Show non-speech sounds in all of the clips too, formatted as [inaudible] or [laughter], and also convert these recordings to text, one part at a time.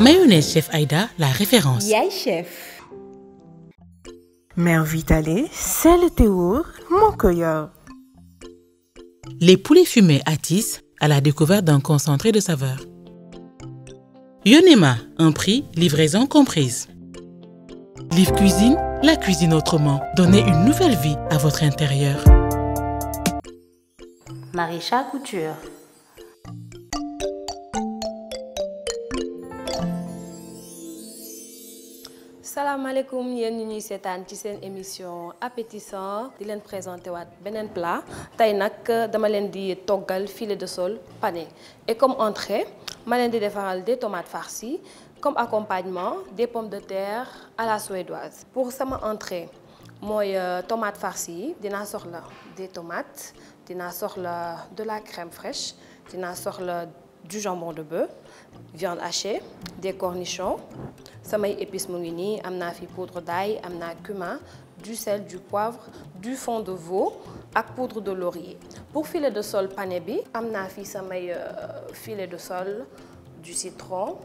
Mayonnaise Chef Aïda, la référence. Yay Chef. Mère Vitalé, c'est le théour, mon cueilleur. Les poulets fumés attissent à la découverte d'un concentré de saveur. Yonema, un prix, livraison comprise. Livre Cuisine, la cuisine autrement. Donnez une nouvelle vie à votre intérieur. Maricha Couture. Salam alaikum. bienvenue ñuy cette ci émission appétissant di vous présenté un plat tey nag dama filet de sole pané et comme entrée ma leen di defaral des tomates farcies comme accompagnement des pommes de terre à la suédoise pour cette entrée tomates euh, tomates farcies. yi dinaa soxla des tomates dinaa soxla de la crème fraîche dinaa soxla du jambon de bœuf viande hachée des cornichons samay épices moulini, poudre d'ail amna cumin du sel du poivre du fond de veau à poudre de laurier pour filet de sol panébi bi am euh, filet de sol, du citron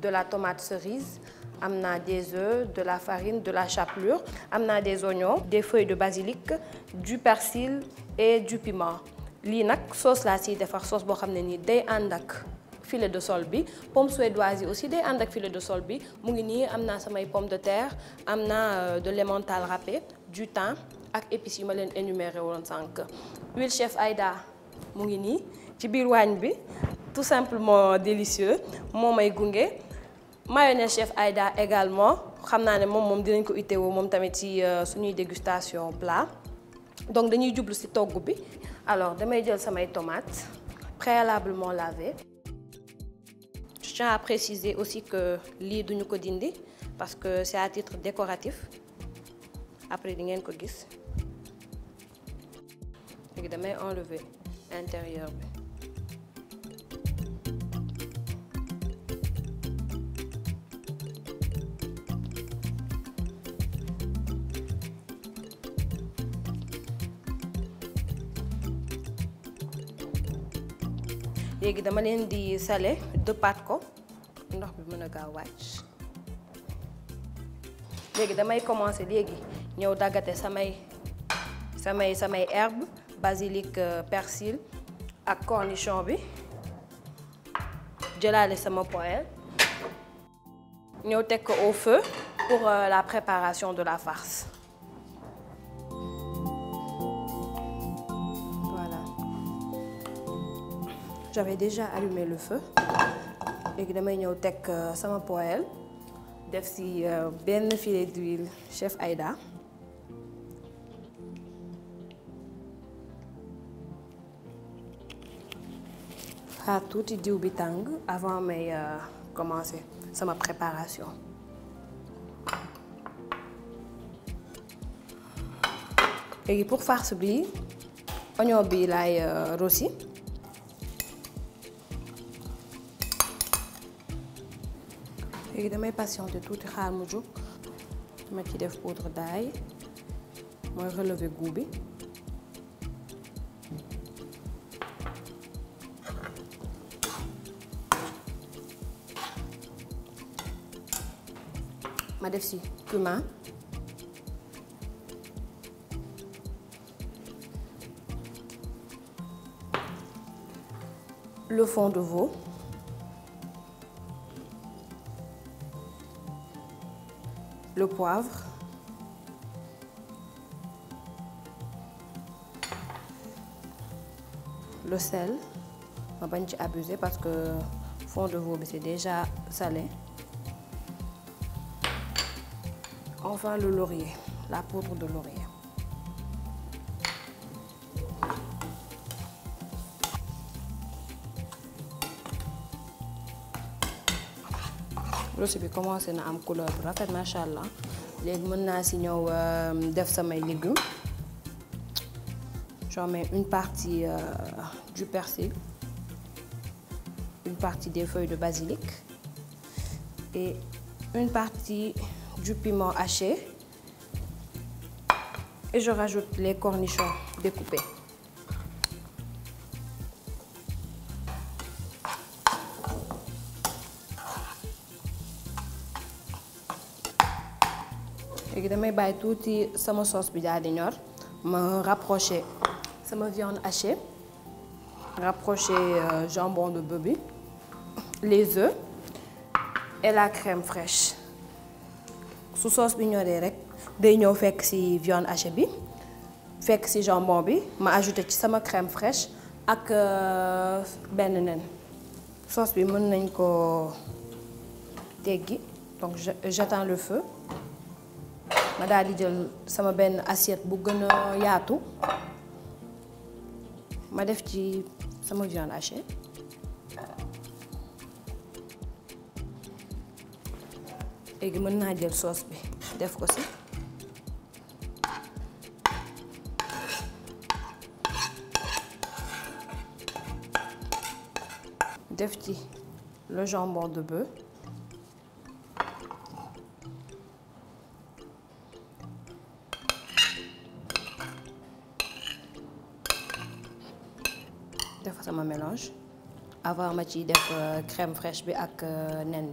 de la tomate cerise amna des œufs de la farine de la chapelure amna des oignons des feuilles de basilic du persil et du piment lii sauce la siy defar sauce bo xamné ni nii day filet de sol bi pomme suédoise aussi day andak filet de sol bi mu ngi nii am samay pomme de terre amna euh, de l'emmental râpé du thym ak épices yi ma leen énuméré woon huile chef Aïda mu ngi nii ci bir waañ bi tout simplement délicieux momay may mayonnaise chef Aïda également xamna né mom mom dinañ ko itteewoo mom tamit ci euh, suñuy dégustation plat donc dañuy djublu ci togg bi alors je jël mes tomates préalablement lavées je tiens à préciser aussi que les duñu ko parce que c'est à titre décoratif après di vais enlever l'intérieur léegi dama len di salé dëppaat ko ndox bi mën ga gaaw wàcc léegi damay commencer léegi ñëw dagaté samay samay samay herbe basilic euh, persil ak cornichon bi jëlale sama poêle ñëw tek ko au feu pour euh, la préparation de la farce j'avais déjà allumé le feu et damay ñëw mettre euh, sama poêle def ci euh, benn filet d'huile chef Aïda À ah, tout diw bi avant de euh, commencer ma préparation Et pour faire farce bi oignon bi laay rôti. léegi damay tout de tout Je je mets la poudre d'ail relever goût ma le fond de veau le poivre, le sel, on va pas abuser parce que fond de veau c'est déjà salé. Enfin le laurier, la poudre de laurier. Je bi commencé na am couleur bu rafet machallah allah mën euh, def légumes j'en mets une partie euh, du persil une partie des feuilles de basilic et une partie du piment haché et je rajoute les cornichons découpés damay bàyyi tuuti sama sauce bi daal di ñor ma rapproché sama viande hachée rapprocher euh, jambon de bœuf les œufs et la crème fraîche Sous sauce bi ñoree rek day ñëw fekk ci viande hachée bi fekk ci jambon bi ma ajouté ci sama crème fraîche ak euh, benn sauce bi mën nañ ko donc j'attends le feu ma daal di sama benn assiette bu gën a ma def ci sama viande hachée léegi mën naa jël sauce bi def ko si def le jambon de bœuf mélange avoir ma de euh, crème fraîche bi ak euh, nen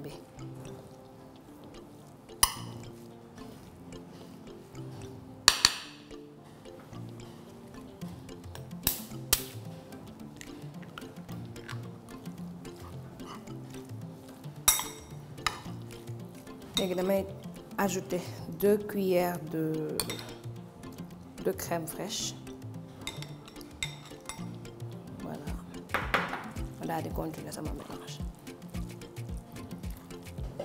ajouter deux cuillères de crème fraîche de di continuer sama mélange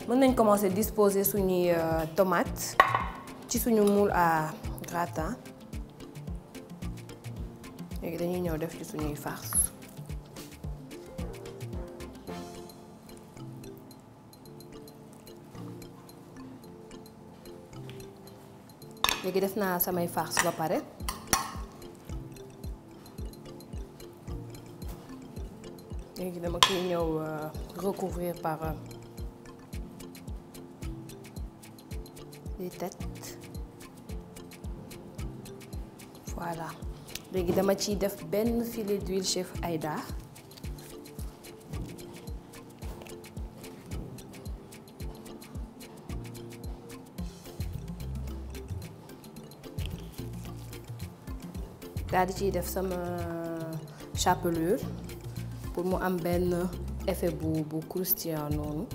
On tomates, commencer disposer nos euh, tomates. ci suñu moule à gratin léegi dañuy ñëw def ci farce léegi def naa farces, farce léegi dama koy ñëw recouvrir par des euh, têtes voilà léegi dama ciy def benn filet d'huile chef Aïda Là, di ciy def euh, chapelure pour mu am benn effet bu bu croustillant non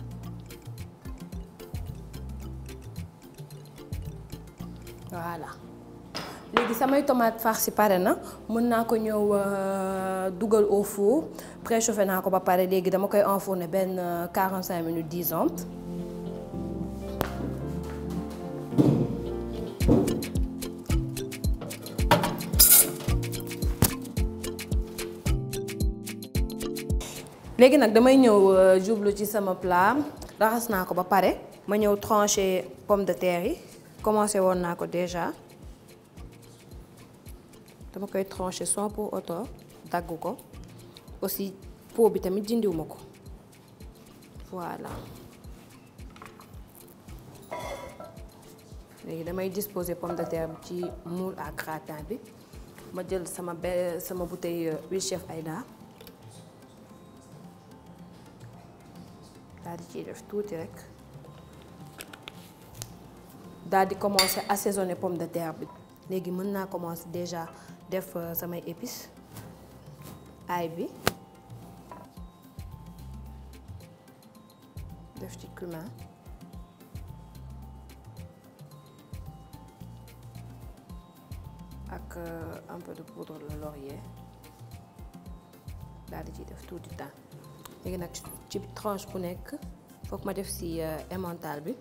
voilà léegi samay tomate farci pare na mën naa ko ñëw euh, au four préchauffé naa ko ba pare léegi dama koy enfourner benn 45 euh, minutes disons léegi nak damay ñëw euh, jublu ci sama plat raxas naa ko ba paré, ma ñëw trancher pomme de terre yi commencé woon naa déjà dama koy trancher soit pour auto, dagg ko aussi peau bi tamit dindiwuma ko voilà Légui damay disposer pomme de terre ci moule à gratin bi ma jël sama sama bouteille euh, huile chef Aïda daal le tout tout direct. commencer à commence à assaisonner pommes de terre Les léegi commencent déjà commencer déjà faire euh, samay épices ail bi petit cumin euh, un peu de poudre de laurier daal di tout tout temps léegi nag ci tranche bu nekk foog ma def ci euh, emmental bi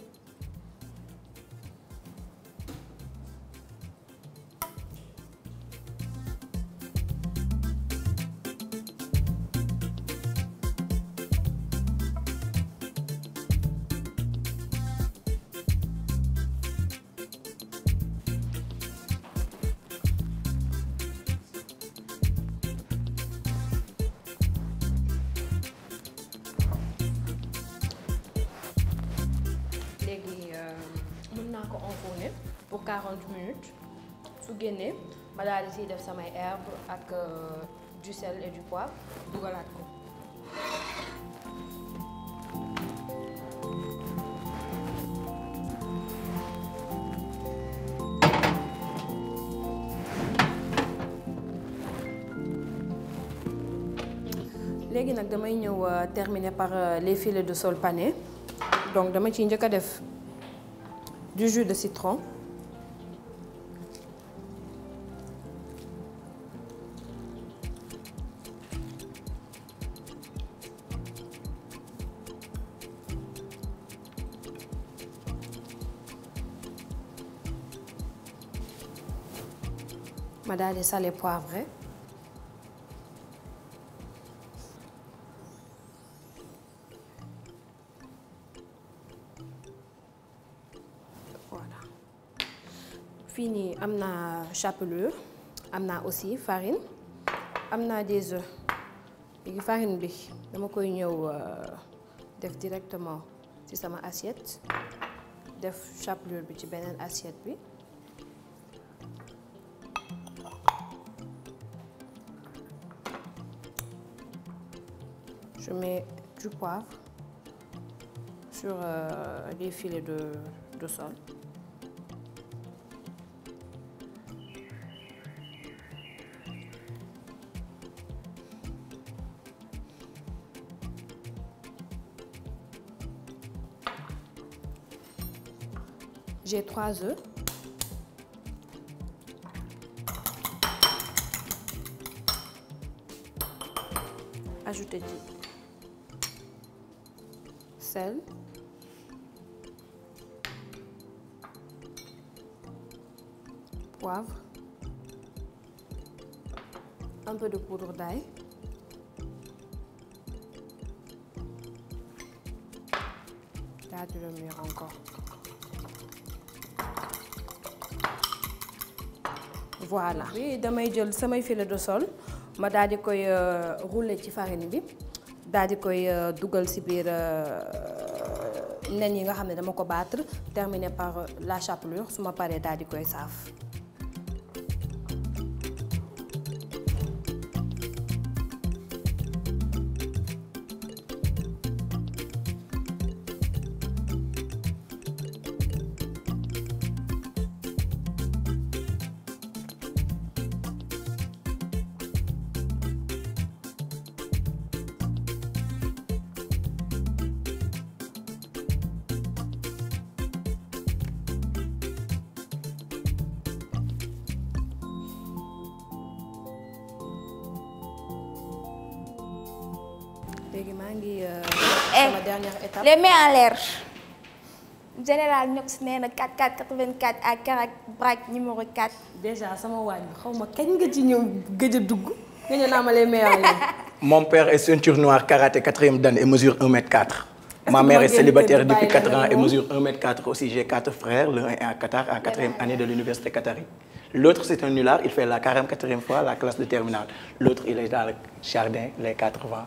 40 minutes su génnee je vais faire siy def samay herbe ak euh, du sel et du poivre Je ko. Euh, terminer par euh, les filets de sole pané donc dama vais faire du jus de citron. ma daal di salé poivre voilà Fini. amna chapelure am aussi farine amna des œufs léegi farine bi dama koy ñëw euh, def directement ci sama assiette def chapelure bi ci benen assiette bi Je mets du poivre sur euh, les filets de, de sol. J'ai trois œufs. Ajoutez-y sel. Poivre. Un peu de poudre d'ail. Là, le encore. voilà Oui, damay vais samay filet de sol ma daal koy euh, rouler ci farine bi daal koy euh, dougal ci euh, nen yi nga xam dama ko battre terminé par euh, la chapelure su ma paree daal di koy saf Euh, eh, les mains en l'air général à Karak Braque numéro 4. déjà sama l'air. [laughs] mon père est ceinture noire karaté 4e dan et mesure 1 m 4. Ma mère est célibataire depuis 4 ans et mesure 1m4 aussi. J'ai 4 frères, l'un est à Qatar, en 4e année de l'université qatari. L'autre, c'est un nullard, il fait la 44e fois la classe de terminale. L'autre, il est dans le jardin, les 4 vents.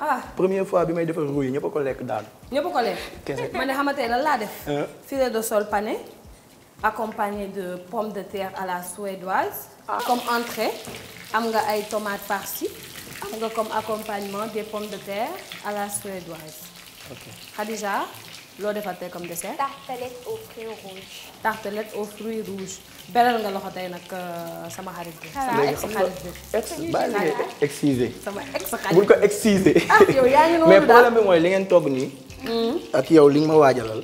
ah première fois bi may defar rouille. yi ñëpp a ko lekk daal. ñëpp a ko lekk. kese man de xamante lan laa def. filet euh. de sol pané accompagné de pommes de terre à la suédoise. Ah. comme entrée am nga ay tomates farcies am nga comme accompagnement des pommes de terre à la suédoise. ok Khadija loo de comme dessert. tartelette aux fruits rouges. tartelette aux fruits rouges. beral nga loxo tey nag sama xarit bi. sama ex xarit bi ex bàyyi excisé. sama ex xarit buñ ko excisé. ah yow yaa [laughs] ngi mais problème bi mooy li ngeen togg nii. Hmm. ak yow li nga ma waajalal.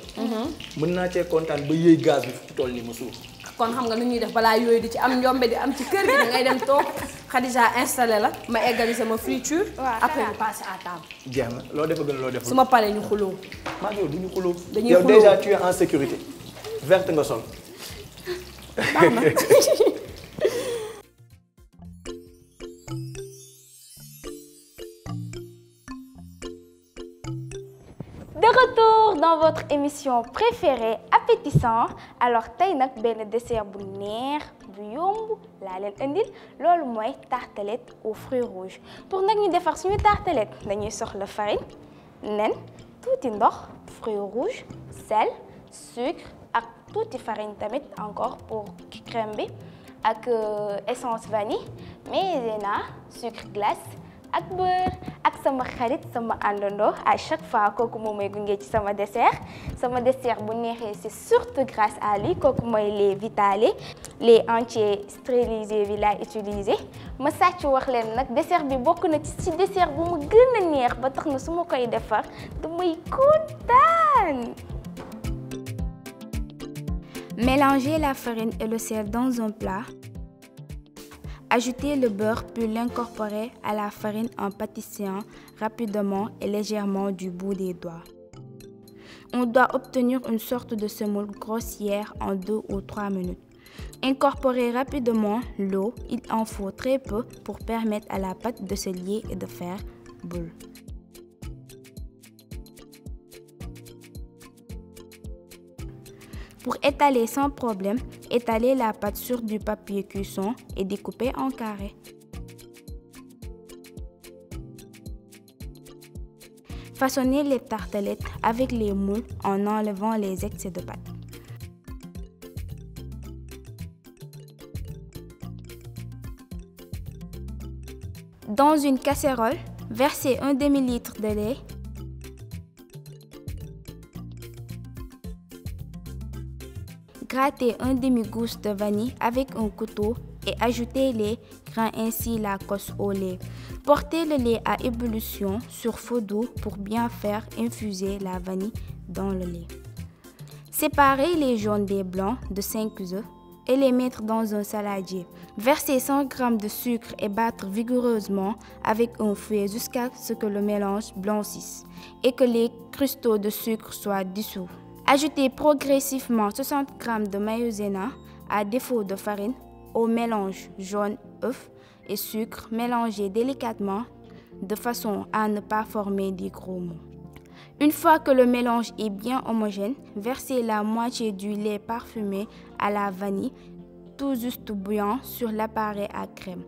mën mhm. naa cee kontaan ba yëy gaz bi fu toll ma suuf. kon xam nga lu ñuy def balaa yooyu di ci am njombe di am ci kër gi ngay dem toog Khadija installé la ma eggali sama friture. après ñu passé à table. jeex na loo def gën loo def. su ma ñu xuloo. maa ngi yow du yow déjà tu es en sécurité. verte nga sol. [laughs] de retour dans votre émission préférée appétissant alors tey ben dessert bu neex bu yomb la len indil lolou tartelette aux fruits rouges pour nak ñu defar suñu tartelette dañuy le farine nen touti ndox fruits rouges sel sucre tuuti farine tamit encore pour crème avec ak euh, essence vanille maisena, sucre glace ak beurre ak sama xarit sama àndandoo à chaque fois kooku moom mooy ci sama dessert sama dessert bu nexé c'est surtout grâce à lui kooku moy les vitales les entiers stérilisés bi laay utilisé ma sàcc wax len nak dessert bi bokk na ci ci dessert bu mu gëna a neex ba tax na su koy defar damay kontaan Mélangez la farine et le sel dans un plat. Ajoutez le beurre puis l'incorporer à la farine en pâtissant rapidement et légèrement du bout des doigts. On doit obtenir une sorte de semoule grossière en 2 ou 3 minutes. Incorporez rapidement l'eau, il en faut très peu pour permettre à la pâte de se lier et de faire boule. Pour étaler sans problème, étaler la pâte sur du papier cuisson et découper en carrés. Façonnez les tartelettes avec les moules en enlevant les excès de pâte. Dans une casserole, versez un demi-litre de lait Grattez un demi-gousse de vanille avec un couteau et ajoutez les grains ainsi la cosse au lait. Portez le lait à ébullition sur feu doux pour bien faire infuser la vanille dans le lait. Séparez les jaunes des blancs de 5 œufs et les mettre dans un saladier. Versez 100 g de sucre et battre vigoureusement avec un fouet jusqu'à ce que le mélange blanchisse et que les cristaux de sucre soient dissous. Ajoutez progressivement 60 g de maïzena à défaut de farine au mélange jaune œuf et sucre mélangé délicatement de façon à ne pas former des gros Une fois que le mélange est bien homogène, versez la moitié du lait parfumé à la vanille tout juste bouillant sur l'appareil à crème.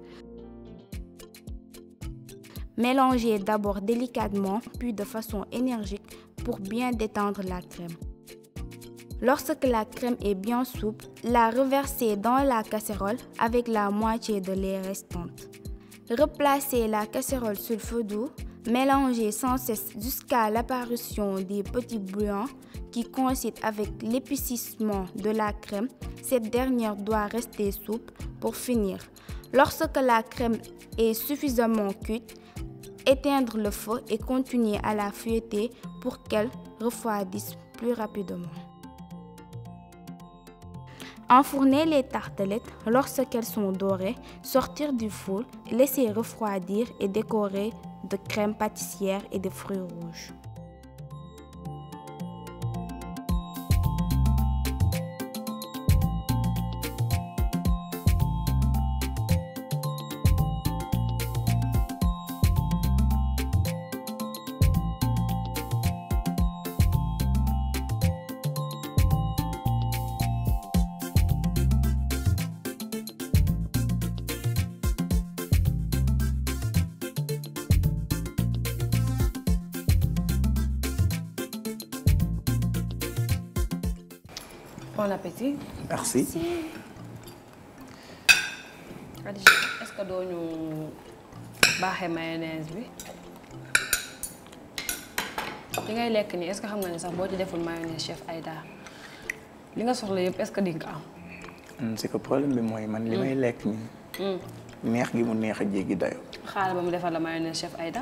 Mélangez d'abord délicatement puis de façon énergique pour bien détendre la crème. Lorsque la crème est bien souple, la reversez dans la casserole avec la moitié de lait restante. Replacez la casserole sur le feu doux, mélangez sans cesse jusqu'à l'apparition des petits bouillons qui coïncident avec l'épaississement de la crème. Cette dernière doit rester souple pour finir. Lorsque la crème est suffisamment cuite, éteindre le feu et continuer à la fouetter pour qu'elle refroidisse plus rapidement. Enfourner les tartelettes lorsqu'elles sont dorées, sortir du four, laisser refroidir et décorer de crème pâtissière et de fruits rouges. Bon appétit. merci. merci. Khadija est-ce que dooñu ñu baaxee mayonnaise bi li ngay lekk nii est-ce que xam nga ni sax boo ci deful mayonnaise chef Aïda li nga soxla yëpp est-ce que di nga am. Hmm, c'est que problème bi mooy man li may hmm. lekk nii. Hmm. neex gi mu neex a jéggi dayoo. xaaral ba mu defal la mayonnaise chef Aïda.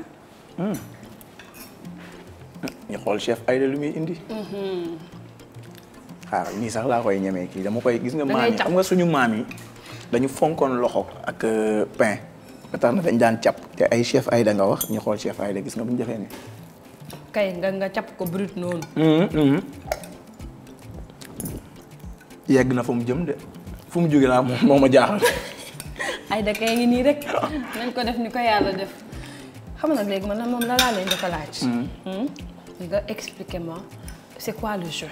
ñu xool chef Aïda lu muy indi. xaar ni sax la koy ñëmé ki dama koy gis nga maam xam nga suñu maam dañu fonkon loxo ak euh, pain ba tax na dañ daan ciap té ay chef da nga wax ñu xol chef da gis nga buñu ñu ni kay nga nga ciap ko brut hmm yegg na fu mu jëm de fu mu jóge la moma moo ay da kay ngi ni rek nañ ko def ni ko yalla def xam nga légui man mom la laa leen dafa laaj mm-hmm. Mm-hmm. nga expliquer moi c'est quoi le jeu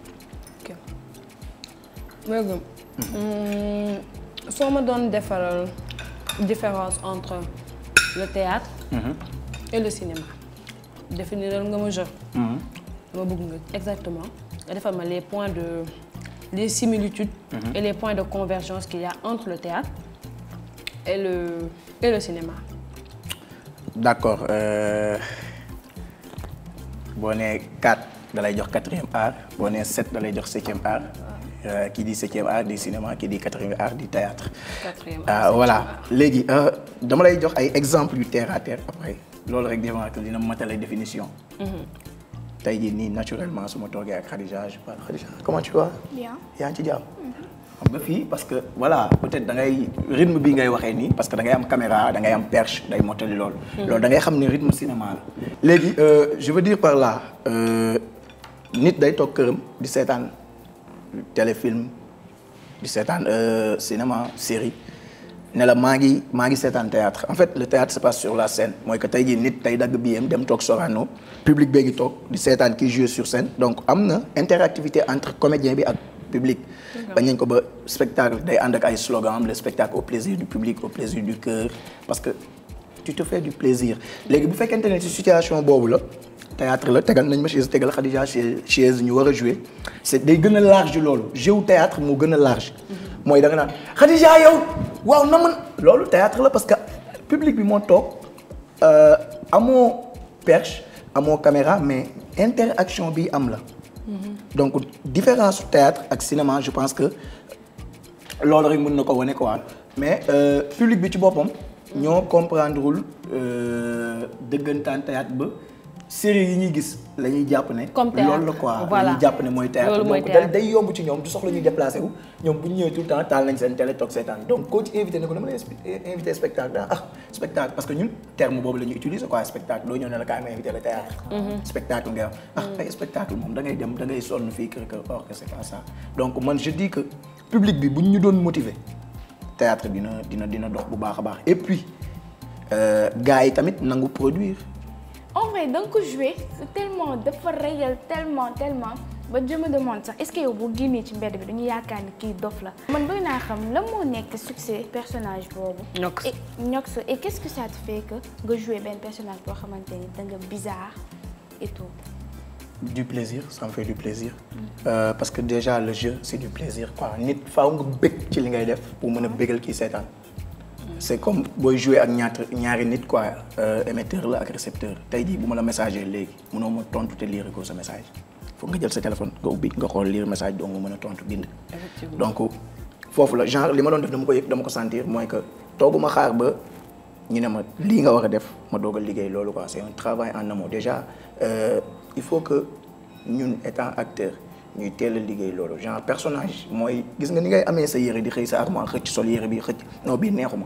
si on me donner la différence entre le théâtre mhm. et le cinéma définir le genre exactement les points de les similitudes mhm. et les points de convergence qu'il y a entre le théâtre et le et le cinéma d'accord Bonne 4 dans la quatrième art Bonne 7 la jox e art euh, qui dit 7e art du cinéma qui dit 4e art du théâtre. 4e ah, art voilà léegi euh, dama lay jox ay exemples du terre à terre après loolu rek devant que dina matale définition. Mhm. tey jii ni naturellement su ma toogee ak Khadija je parle Khadija comment tu vas. bien yaa ngi ci jàmm. Mhm. xam nga parce que voilà peut-être da ngay rythme bi ngay waxee nii parce que da ngay am caméra da ngay am perche day motali loolu. Mhm. loolu da ngay xam ne rythme cinéma la. euh, je veux dire par là euh, nit day toog këram di seetaan téléfilm certain euh, cinéma série ne la maa ngi théâtre en fait le théâtre se passe sur la scène Moi, que je suis nit train de biyam dem scène. Sorano public est en toog di joue sur scène donc am interactivité entre comédien et le public Il y a un spectacle day ànd slogan le spectacle au plaisir du public au plaisir du cœur parce que tu te fais du plaisir si bu fekkente ne situation boobu la théâtre là, tegal nañ ma chaise tegal Khadija chaise ñu wara jouer c'est day gëna large loolu jeu théâtre mo gëna a large. moy da nga Khadija yow waaw na man loolu théâtre la parce que public bi moo euh amo perche amo caméra mais interaction bi am la. Mm-hmm. donc différence théâtre ak cinéma je pense que loolu rek mën na ko quoi mais euh, public bi ci boppam. ñoo euh dëggantaan théâtre ba série yi ñuy gis la ñuy théâtre donc tout le temps donc eh, spectacles. Ah, ah, spectacle parce que ñun terme que la utilisons, spectacle Nous avons invité le théâtre. Mm-hmm. spectacle ah, mm. spectacle ça donc man je dis que public est motivé, le théâtre dina dina et puis les euh, yi tamit produire en vrai donc jouer, c'est tellement tellement dafa réel tellement tellement Ben, je me demande ça. est-ce que y a génnee ci mbedd bi dañu yaakaar qui est dof la. man bëgg le xam le succès personnage pour Nox et Nox et qu'est-ce que ça te fait que de jouer, un personnage boo xamante da nga bizarre et tout. du plaisir ça me fait du plaisir. Mm. Euh, parce que déjà le jeu c'est du plaisir quoi nit faaw nga bëgg ci li ngay def pour mën qui est kii seetaan c'est comme booy jouer avec ñaar ñaari nit quoi euh, émetteur là ak récepteur tay di buma la messager léegi mënoo ma tontu te lire ko ce message faut nga jël sa téléphone go ubbi nga xol lire message donc nga mën a tontu bind. donc fofu la genre li ma don def dama ko yëg dama ko sentir moy que tooguma xaar ba ñu ne ma lii nga war def ma doog liggéey loolu quoi c'est un travail en amont déjà euh, il faut que ñun étant acteur. ñuy teel a liggéey loolu genre personnage mooy gis nga ni ngay amee sa yére di xëy sa armoire xëcc sol yére bi xëcc non bii neexuma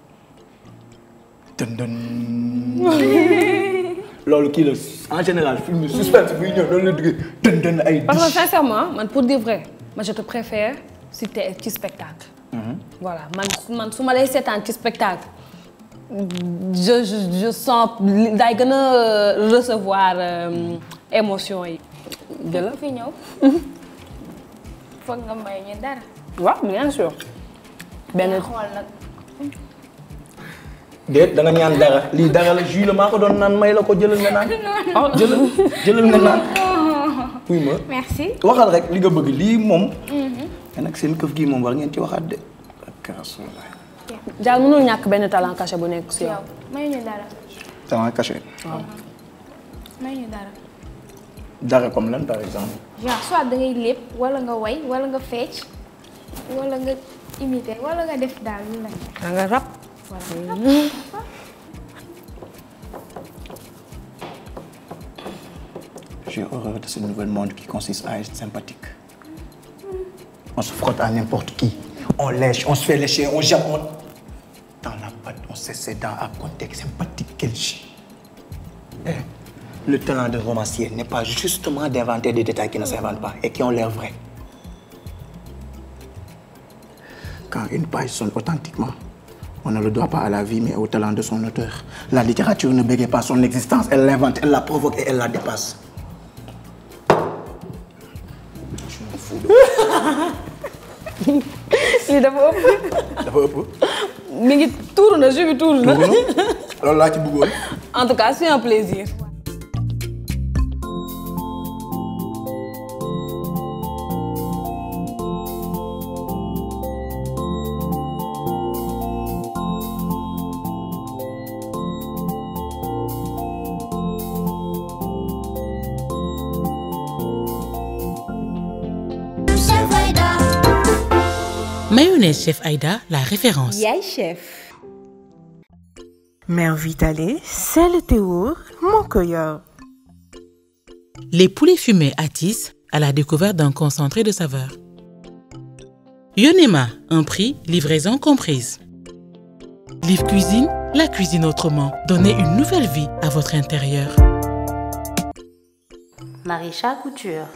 [laughs] en général film suspense sincèrement pour dire vrai je te préfère si un petit spectacle. Mhm. voilà man man spectacle je je sens euh, recevoir euh, émotion de' bien sûr. déet da nga ñaan dara li dara la jus la maa ko doon may la ko jëlal nga nan [laughs] ah jëlal jëlal nga nan puy [laughs] ma merci. waxal rek li nga bëgg li mom hmm nak seen keuf gi mom war ngeen ci waxat de. ak rasulilah. daal mënul ñàkk benn talent caché bu nekk ci yow. may ñu dara. talent caché. may ñu dara. dara comme lan par exemple. ya soit da ngay lepp wala nga way wala nga fetch wala nga imiter wala nga def dal lu la. nga rap. J'ai horreur de ce nouvel monde qui consiste à être sympathique. On se frotte à n'importe qui. On lèche, on se fait lécher, on jette, on... Dans la patte, on dans un contexte sympathique qu'elle chie... Eh, le talent de romancier n'est pas justement d'inventer des détails qui ne s'inventent pas et qui ont l'air vrais. car une page sonne authentiquement, on ne le doit pas à la vie, mais au talent de son auteur. La littérature ne bégaye pas son existence, elle l'invente, elle la provoque et elle la dépasse. Je m'en fous. De... D'abord au mi ngi tuuru na en tout cas c'est un plaisir. chef Aïda, la référence. Yay, chef. Vitale, c'est le théour, mon cueilleur. Les poulets fumés attissent à la découverte d'un concentré de saveur. Yonema, un prix, livraison comprise. Livre Cuisine, la cuisine autrement. Donnez une nouvelle vie à votre intérieur. Maricha Couture.